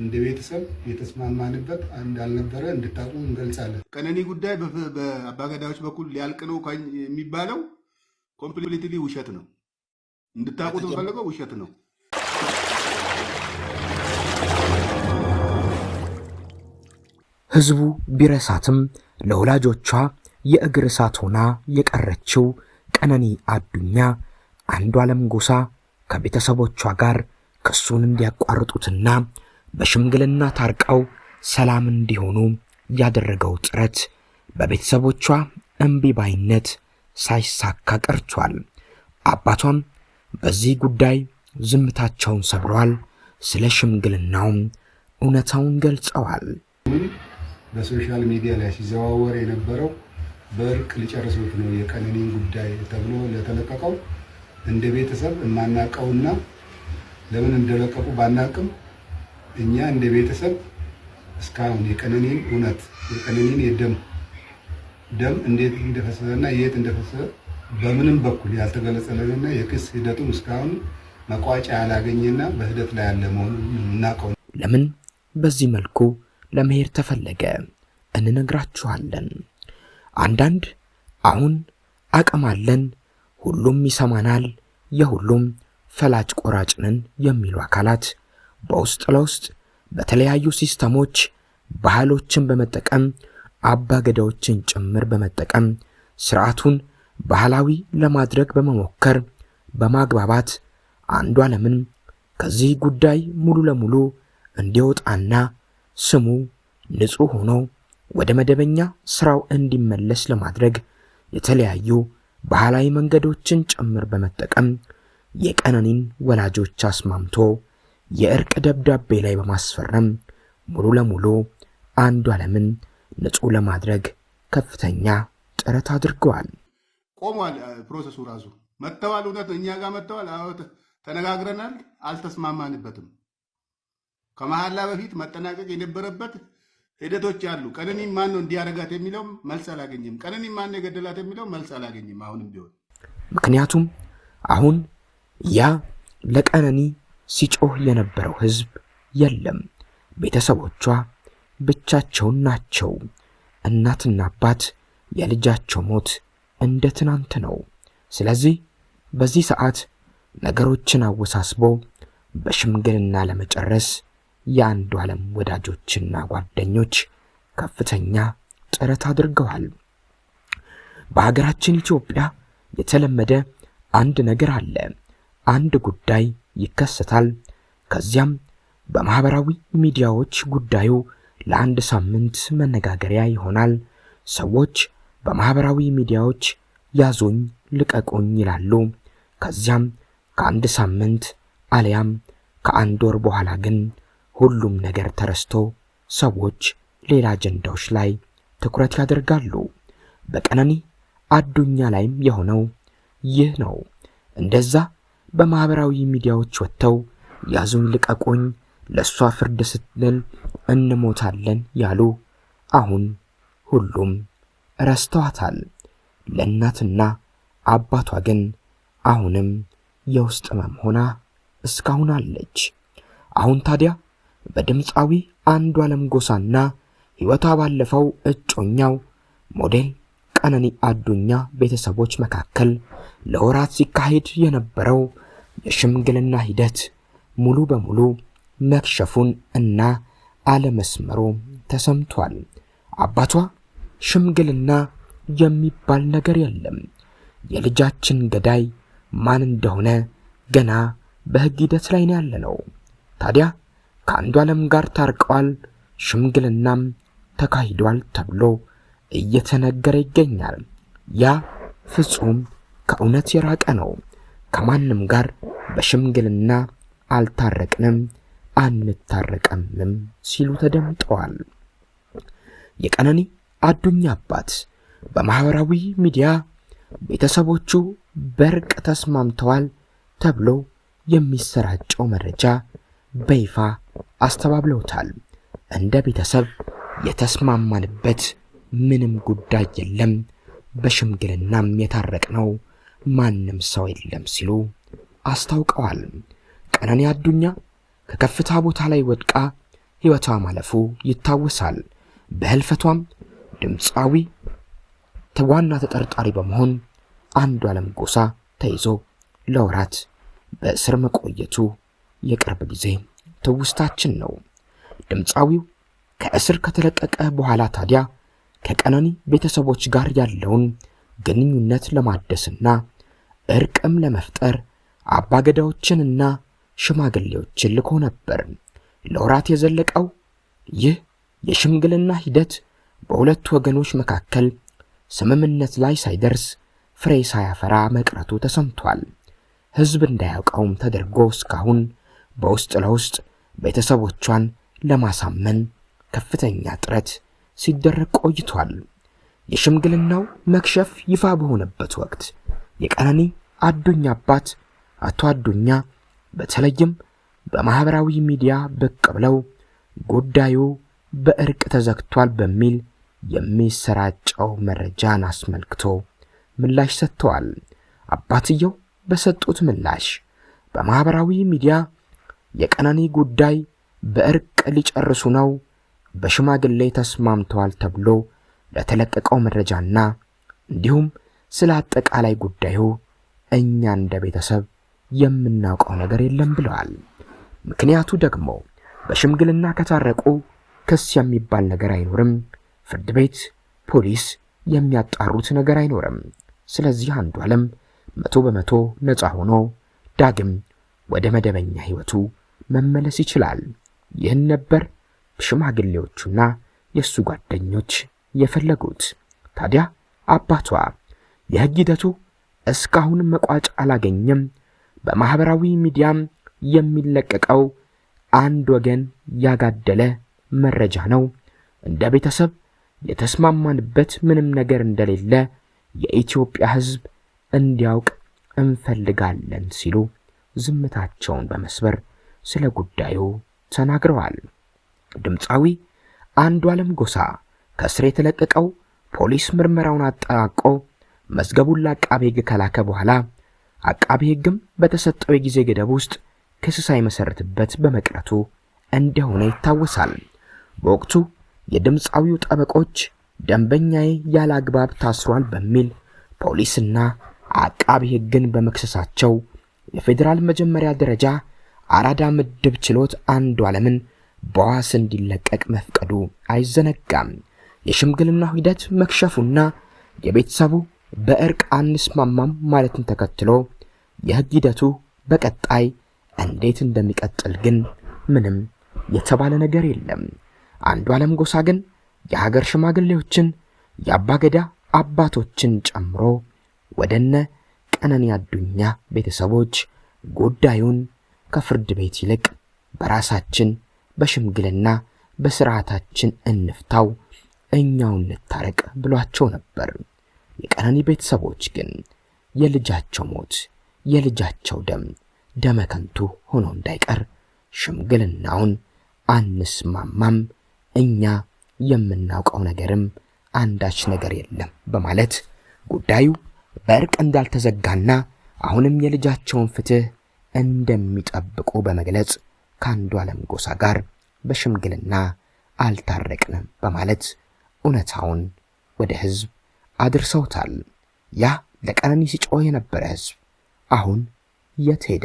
እንደ ቤተሰብ የተስማማንበት እንዳልነበረ እንድታቁ እንገልጻለን። ቀነኒ ጉዳይ በአባገዳዮች በኩል ሊያልቅ ነው የሚባለው ኮምፕሊትሊ ውሸት ነው። እንድታቁት የምፈልገው ውሸት ነው። ህዝቡ ቢረሳትም ለወላጆቿ የእግር እሳት ሆና የቀረችው ቀነኒ አዱኛ አንዷለም ጎሳ ከቤተሰቦቿ ጋር ክሱን እንዲያቋርጡትና በሽምግልና ታርቀው ሰላም እንዲሆኑ ያደረገው ጥረት በቤተሰቦቿ እምቢ ባይነት ሳይሳካ ቀርቷል። አባቷም በዚህ ጉዳይ ዝምታቸውን ሰብረዋል። ስለ ሽምግልናውም እውነታውን ገልጸዋል። በሶሻል ሚዲያ ላይ ሲዘዋወር የነበረው በእርቅ ሊጨርሱት ነው የቀነኒን ጉዳይ ተብሎ ለተለቀቀው እንደ ቤተሰብ የማናቀውና ለምን እንደለቀቁ ባናቅም እኛ እንደ ቤተሰብ እስካሁን የቀነኒን እውነት የቀነኒን የደም ደም እንዴት እንደፈሰሰና የት እንደፈሰሰ በምንም በኩል ያልተገለጸልንና የክስ ሂደቱም እስካሁን መቋጫ ያላገኘና በሂደት ላይ ያለ መሆኑን እናውቀው። ለምን በዚህ መልኩ ለመሄድ ተፈለገ እንነግራችኋለን። አንዳንድ አሁን አቅም አለን፣ ሁሉም ይሰማናል፣ የሁሉም ፈላጭ ቆራጭንን የሚሉ አካላት በውስጥ ለውስጥ በተለያዩ ሲስተሞች ባህሎችን በመጠቀም አባ ገዳዎችን ጭምር በመጠቀም ስርዓቱን ባህላዊ ለማድረግ በመሞከር በማግባባት አንዱ ዓለምን ከዚህ ጉዳይ ሙሉ ለሙሉ እንዲወጣና ስሙ ንጹሕ ሆኖ ወደ መደበኛ ስራው እንዲመለስ ለማድረግ የተለያዩ ባህላዊ መንገዶችን ጭምር በመጠቀም የቀነኒን ወላጆች አስማምቶ የእርቅ ደብዳቤ ላይ በማስፈረም ሙሉ ለሙሉ አንዱ ዓለምን ንጹሕ ለማድረግ ከፍተኛ ጥረት አድርገዋል። ቆሟል። ፕሮሰሱ ራሱ መጥተዋል። እውነት እኛ ጋር መጥተዋል። ተነጋግረናል። አልተስማማንበትም። ከመሐላ በፊት መጠናቀቅ የነበረበት ሂደቶች አሉ። ቀነኒ ማን ነው እንዲያደርጋት የሚለው መልስ አላገኝም። ቀነኒ ማን የገደላት የሚለው መልስ አላገኝም። አሁንም ቢሆን ምክንያቱም አሁን ያ ለቀነኒ ሲጮህ የነበረው ህዝብ የለም። ቤተሰቦቿ ብቻቸውን ናቸው። እናትና አባት የልጃቸው ሞት እንደ ትናንት ነው። ስለዚህ በዚህ ሰዓት ነገሮችን አወሳስቦ በሽምግልና ለመጨረስ የአንዱ ዓለም ወዳጆችና ጓደኞች ከፍተኛ ጥረት አድርገዋል። በሀገራችን ኢትዮጵያ የተለመደ አንድ ነገር አለ። አንድ ጉዳይ ይከሰታል። ከዚያም በማህበራዊ ሚዲያዎች ጉዳዩ ለአንድ ሳምንት መነጋገሪያ ይሆናል። ሰዎች በማህበራዊ ሚዲያዎች ያዙኝ ልቀቁኝ ይላሉ። ከዚያም ከአንድ ሳምንት አሊያም ከአንድ ወር በኋላ ግን ሁሉም ነገር ተረስቶ ሰዎች ሌላ አጀንዳዎች ላይ ትኩረት ያደርጋሉ። በቀነኒ አዱኛ ላይም የሆነው ይህ ነው። እንደዛ በማኅበራዊ ሚዲያዎች ወጥተው ያዙኝ ልቀቁኝ፣ ለእሷ ፍርድ ስትል እንሞታለን ያሉ አሁን ሁሉም ረስተዋታል። ለእናትና አባቷ ግን አሁንም የውስጥ ሕመም ሆና እስካሁን አለች። አሁን ታዲያ በድምፃዊ ዓለም ጎሳና ሕይወቷ ባለፈው እጮኛው ሞዴል ቀነኒ አዱኛ ቤተሰቦች መካከል ለወራት ሲካሄድ የነበረው የሽምግልና ሂደት ሙሉ በሙሉ መክሸፉን እና አለመስመሩ ተሰምቷል። አባቷ ሽምግልና የሚባል ነገር የለም፣ የልጃችን ገዳይ ማን እንደሆነ ገና በሕግ ሂደት ላይ ነው ያለ ነው። ታዲያ ከአንዱ ዓለም ጋር ታርቀዋል፣ ሽምግልናም ተካሂዷል ተብሎ እየተነገረ ይገኛል። ያ ፍጹም ከእውነት የራቀ ነው። ከማንም ጋር በሽምግልና አልታረቅንም አንታረቀምም ሲሉ ተደምጠዋል። የቀነኒ አዱኛ አባት በማህበራዊ ሚዲያ ቤተሰቦቹ በርቅ ተስማምተዋል ተብሎ የሚሰራጨው መረጃ በይፋ አስተባብለውታል። እንደ ቤተሰብ የተስማማንበት ምንም ጉዳይ የለም፣ በሽምግልናም ነው። ማንም ሰው የለም ሲሉ አስታውቀዋል። ቀነኒ አዱኛ ከከፍታ ቦታ ላይ ወድቃ ሕይወቷ ማለፉ ይታወሳል። በህልፈቷም ድምፃዊ ዋና ተጠርጣሪ በመሆን ዓለም ጎሳ ተይዞ ለወራት በእስር መቆየቱ የቅርብ ጊዜ ትውስታችን ነው። ድምፃዊው ከእስር ከተለቀቀ በኋላ ታዲያ ከቀነኒ ቤተሰቦች ጋር ያለውን ግንኙነት ለማደስና እርቅም ለመፍጠር አባገዳዎችንና ሽማግሌዎችን ልኮ ነበር። ለወራት የዘለቀው ይህ የሽምግልና ሂደት በሁለቱ ወገኖች መካከል ስምምነት ላይ ሳይደርስ ፍሬ ሳያፈራ መቅረቱ ተሰምቷል። ሕዝብ እንዳያውቀውም ተደርጎ እስካሁን በውስጥ ለውስጥ ቤተሰቦቿን ለማሳመን ከፍተኛ ጥረት ሲደረግ ቆይቷል። የሽምግልናው መክሸፍ ይፋ በሆነበት ወቅት የቀነኒ አዱኛ አባት አቶ አዱኛ በተለይም በማህበራዊ ሚዲያ ብቅ ብለው ጉዳዩ በእርቅ ተዘግቷል በሚል የሚሰራጨው መረጃን አስመልክቶ ምላሽ ሰጥተዋል። አባትየው በሰጡት ምላሽ በማህበራዊ ሚዲያ የቀነኒ ጉዳይ በእርቅ ሊጨርሱ ነው፣ በሽማግሌ ተስማምተዋል ተብሎ ለተለቀቀው መረጃና እንዲሁም ስለ አጠቃላይ ጉዳዩ እኛ እንደ ቤተሰብ የምናውቀው ነገር የለም ብለዋል። ምክንያቱ ደግሞ በሽምግልና ከታረቁ ክስ የሚባል ነገር አይኖርም፣ ፍርድ ቤት፣ ፖሊስ የሚያጣሩት ነገር አይኖርም። ስለዚህ አንዱ ዓለም መቶ በመቶ ነፃ ሆኖ ዳግም ወደ መደበኛ ህይወቱ መመለስ ይችላል። ይህን ነበር ሽማግሌዎቹና የእሱ ጓደኞች የፈለጉት። ታዲያ አባቷ የሕግ ሂደቱ እስካሁን መቋጫ አላገኘም። በማህበራዊ ሚዲያም የሚለቀቀው አንድ ወገን ያጋደለ መረጃ ነው። እንደ ቤተሰብ የተስማማንበት ምንም ነገር እንደሌለ የኢትዮጵያ ሕዝብ እንዲያውቅ እንፈልጋለን ሲሉ ዝምታቸውን በመስበር ስለ ጉዳዩ ተናግረዋል። ድምፃዊ አንዱ ዓለም ጎሳ ከእስር የተለቀቀው ፖሊስ ምርመራውን አጠናቆ መዝገቡን ለአቃቤ ሕግ ከላከ በኋላ አቃቤ ሕግም በተሰጠው የጊዜ ገደብ ውስጥ ክስ ሳይመሰርትበት በመቅረቱ እንደሆነ ይታወሳል። በወቅቱ የድምፃዊው ጠበቆች ደንበኛዬ ያለ አግባብ ታስሯል በሚል ፖሊስና አቃቢ ሕግን በመክሰሳቸው የፌዴራል መጀመሪያ ደረጃ አራዳ ምድብ ችሎት አንዱ ዓለምን በዋስ እንዲለቀቅ መፍቀዱ አይዘነጋም። የሽምግልናው ሂደት መክሸፉና የቤተሰቡ በእርቅ አንስማማም ማለትን ተከትሎ የህግ ሂደቱ በቀጣይ እንዴት እንደሚቀጥል ግን ምንም የተባለ ነገር የለም። አንዱ ዓለም ጎሳ ግን የሀገር ሽማግሌዎችን የአባገዳ አባቶችን ጨምሮ ወደነ ቀነኒ አዱኛ ቤተሰቦች ጉዳዩን ከፍርድ ቤት ይልቅ በራሳችን በሽምግልና በስርዓታችን እንፍታው፣ እኛው እንታረቅ ብሏቸው ነበር። የቀነኒ ቤተሰቦች ግን የልጃቸው ሞት የልጃቸው ደም ደመ ከንቱ ሆኖ እንዳይቀር ሽምግልናውን አንስማማም፣ እኛ የምናውቀው ነገርም አንዳች ነገር የለም በማለት ጉዳዩ በእርቅ እንዳልተዘጋና አሁንም የልጃቸውን ፍትህ እንደሚጠብቁ በመግለጽ ከአንዱ ዓለም ጎሳ ጋር በሽምግልና አልታረቅንም በማለት እውነታውን ወደ ህዝብ አድርሰውታል። ያ ለቀነኒ ሲጮህ የነበረ ህዝብ አሁን የት ሄደ?